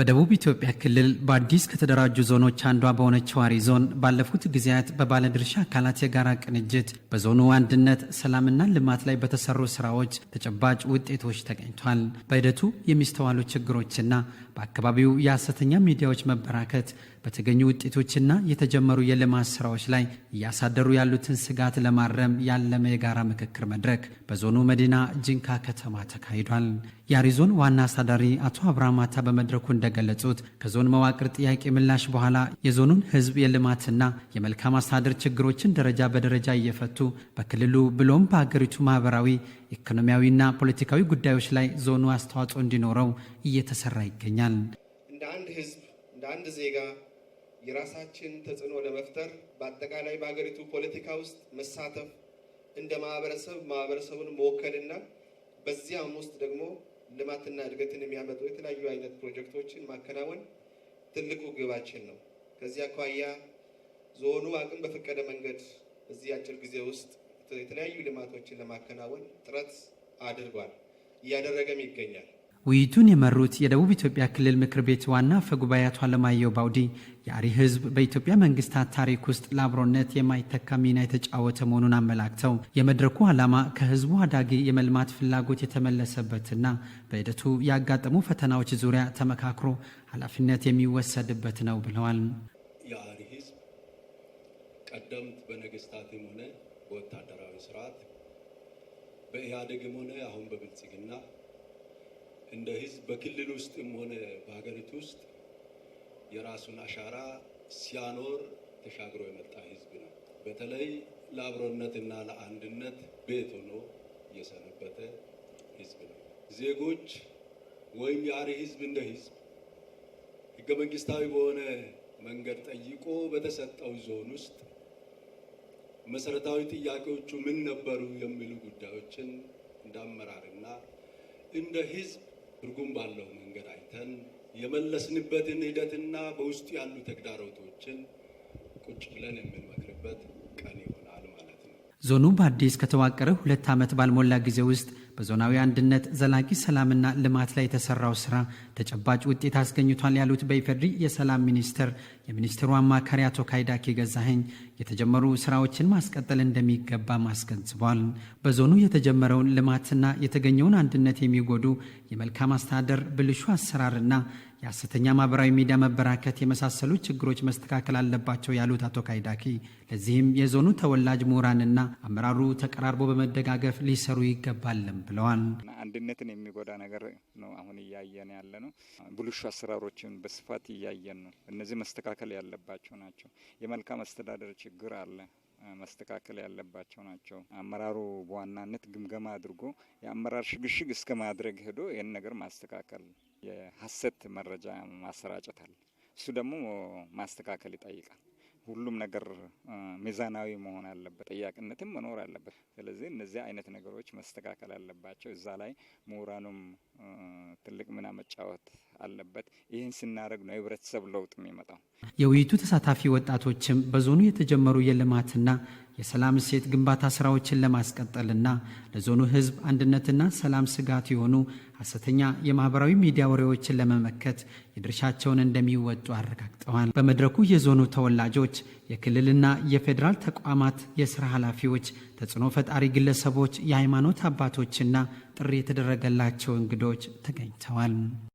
በደቡብ ኢትዮጵያ ክልል በአዲስ ከተደራጁ ዞኖች አንዷ በሆነች ዋሪ ዞን ባለፉት ጊዜያት በባለድርሻ አካላት የጋራ ቅንጅት በዞኑ አንድነት፣ ሰላምና ልማት ላይ በተሰሩ ስራዎች ተጨባጭ ውጤቶች ተገኝቷል። በሂደቱ የሚስተዋሉ ችግሮችና በአካባቢው የሐሰተኛ ሚዲያዎች መበራከት በተገኙ ውጤቶችና የተጀመሩ የልማት ስራዎች ላይ እያሳደሩ ያሉትን ስጋት ለማረም ያለመ የጋራ ምክክር መድረክ በዞኑ መዲና ጂንካ ከተማ ተካሂዷል። የአሪዞን ዋና አስተዳዳሪ አቶ አብርሃም አታ በመድረኩ እንደገለጹት ከዞን መዋቅር ጥያቄ ምላሽ በኋላ የዞኑን ህዝብ የልማትና የመልካም አስተዳደር ችግሮችን ደረጃ በደረጃ እየፈቱ በክልሉ ብሎም በሀገሪቱ ማህበራዊ ኢኮኖሚያዊና ፖለቲካዊ ጉዳዮች ላይ ዞኑ አስተዋጽኦ እንዲኖረው እየተሰራ ይገኛል። እንደ አንድ ህዝብ እንደ አንድ ዜጋ የራሳችን ተጽዕኖ ለመፍጠር በአጠቃላይ በሀገሪቱ ፖለቲካ ውስጥ መሳተፍ እንደ ማህበረሰብ ማህበረሰቡን መወከልና በዚያም ውስጥ ደግሞ ልማትና እድገትን የሚያመጡ የተለያዩ አይነት ፕሮጀክቶችን ማከናወን ትልቁ ግባችን ነው። ከዚህ አኳያ ዞኑ አቅም በፈቀደ መንገድ እዚህ አጭር ጊዜ ውስጥ የተለያዩ ልማቶችን ለማከናወን ጥረት አድርጓል፣ እያደረገም ይገኛል። ውይይቱን የመሩት የደቡብ ኢትዮጵያ ክልል ምክር ቤት ዋና አፈ ጉባኤ አቶ አለማየሁ ባውዲ የአሪ ህዝብ በኢትዮጵያ መንግስታት ታሪክ ውስጥ ለአብሮነት የማይተካ ሚና የተጫወተ መሆኑን አመላክተው የመድረኩ ዓላማ ከህዝቡ አዳጊ የመልማት ፍላጎት የተመለሰበትና በሂደቱ ያጋጠሙ ፈተናዎች ዙሪያ ተመካክሮ ኃላፊነት የሚወሰድበት ነው ብለዋል። የአሪ ህዝብ ቀደምት በነገስታትም ሆነ በወታደራዊ ስርዓት በኢህአዴግም ሆነ አሁን በብልጽግና እንደ ህዝብ በክልል ውስጥም ሆነ በሀገሪቱ ውስጥ የራሱን አሻራ ሲያኖር ተሻግሮ የመጣ ህዝብ ነው። በተለይ ለአብሮነትና ለአንድነት ቤት ሆኖ የሰነበተ ህዝብ ነው። ዜጎች ወይም የአሪ ህዝብ እንደ ህዝብ ህገ መንግስታዊ በሆነ መንገድ ጠይቆ በተሰጠው ዞን ውስጥ መሰረታዊ ጥያቄዎቹ ምን ነበሩ የሚሉ ጉዳዮችን እንደ አመራርና እንደ ህዝብ ትርጉም ባለው መንገድ አይተን የመለስንበትን ሂደትና በውስጡ ያሉ ተግዳሮቶችን ቁጭ ብለን የምንመክርበት ቀን ይሆናል ማለት ነው። ዞኑ በአዲስ ከተዋቀረ ሁለት ዓመት ባልሞላ ጊዜ ውስጥ በዞናዊ አንድነት ዘላቂ ሰላምና ልማት ላይ የተሰራው ስራ ተጨባጭ ውጤት አስገኝቷል ያሉት በኢፌድሪ የሰላም ሚኒስቴር የሚኒስትሩ አማካሪ አቶ ካይዳኪ ገዛኸኝ የተጀመሩ ስራዎችን ማስቀጠል እንደሚገባ አስገንዝቧል። በዞኑ የተጀመረውን ልማትና የተገኘውን አንድነት የሚጎዱ የመልካም አስተዳደር ብልሹ አሰራርና የሐሰተኛ ማህበራዊ ሚዲያ መበራከት የመሳሰሉ ችግሮች መስተካከል አለባቸው ያሉት አቶ ካይዳኪ ለዚህም የዞኑ ተወላጅ ምሁራንና አመራሩ ተቀራርቦ በመደጋገፍ ሊሰሩ ይገባልም ብለዋል። አንድነትን የሚጎዳ ነገር ነው አሁን እያየን ያለ ነው። ብልሹ አሰራሮችን በስፋት እያየን ነው። እነዚህ መስተካከል ያለባቸው ናቸው። የመልካም አስተዳደር ችግር አለ መስተካከል ያለባቸው ናቸው። አመራሩ በዋናነት ግምገማ አድርጎ የአመራር ሽግሽግ እስከ ማድረግ ሄዶ ይህን ነገር ማስተካከል የሀሰት መረጃ ማሰራጨት አለ። እሱ ደግሞ ማስተካከል ይጠይቃል። ሁሉም ነገር ሚዛናዊ መሆን አለበት፣ ጠያቂነትም መኖር አለበት። ስለዚህ እነዚህ አይነት ነገሮች መስተካከል አለባቸው። እዛ ላይ ምሁራኑም ትልቅ ሚና መጫወት አለበት። ይህን ስናደርግ ነው የህብረተሰብ ለውጥ የሚመጣው። የውይይቱ ተሳታፊ ወጣቶችም በዞኑ የተጀመሩ የልማትና የሰላም እሴት ግንባታ ስራዎችን ለማስቀጠልና ለዞኑ ህዝብ አንድነትና ሰላም ስጋት የሆኑ ሐሰተኛ የማህበራዊ ሚዲያ ወሬዎችን ለመመከት የድርሻቸውን እንደሚወጡ አረጋግጠዋል። በመድረኩ የዞኑ ተወላጆች፣ የክልልና የፌዴራል ተቋማት የስራ ኃላፊዎች፣ ተጽዕኖ ፈጣሪ ግለሰቦች፣ የሃይማኖት አባቶችና ጥሪ የተደረገላቸው እንግዶች ተገኝተዋል።